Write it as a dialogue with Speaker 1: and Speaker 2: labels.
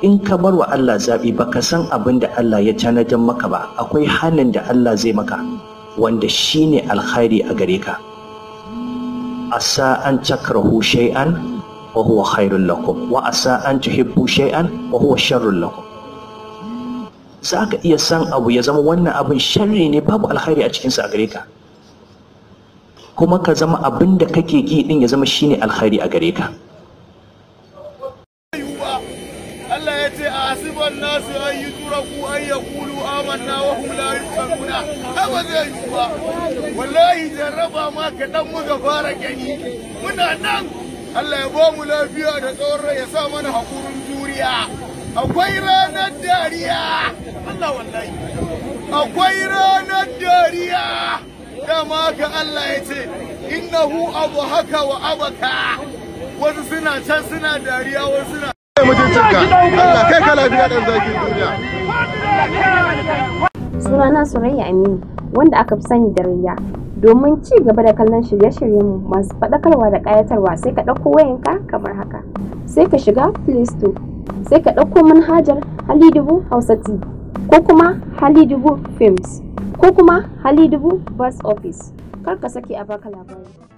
Speaker 1: in ka bar wa Allah zaɓi ba ka san abin da Allah ya tanadar maka ba akwai hannun da Allah zai maka wanda shi ne alkhairi a gare ka A sa'an takrahu shay'an wa huwa khairul lakum wa a sa'an tuhibbu shay'an wa huwa sharrun lakum za ka iya san abu ya zama wannan abin sharri ne babu alkhairi a cikinsa a gare ka kuma ka zama abin da kake ki din ya zama shine alkhairi a gare ka
Speaker 2: Allah ya ce a asiban nasu an yi turaku an ya kulu amanna wa hum la yusaruna ha ba zai yi ba wallahi jarraba ma ka dan muka fara gani muna nan Allah ya ba mu lafiya da tsawon rai ya sa mana hakurin juriya akwai ranar dariya Allah wallahi akwai ranar dariya dama ka Allah ya ce innahu abu haka wa abaka wasu suna can suna dariya wasu suna mai mutuncinka Allah
Speaker 3: sunana Surayya Aminu wanda aka fi sani da Rayya domin ci gaba da kallon shirye shiryen mu masu faɗakarwa da ƙayatarwa sai ka ɗauko wayanka kamar haka sai ka shiga Play Store sai ka ɗauko manhajar Halidubu Hausa TV ko kuma Halidubu Films ko kuma Halidubu Bus Office kar ka sake a baka labari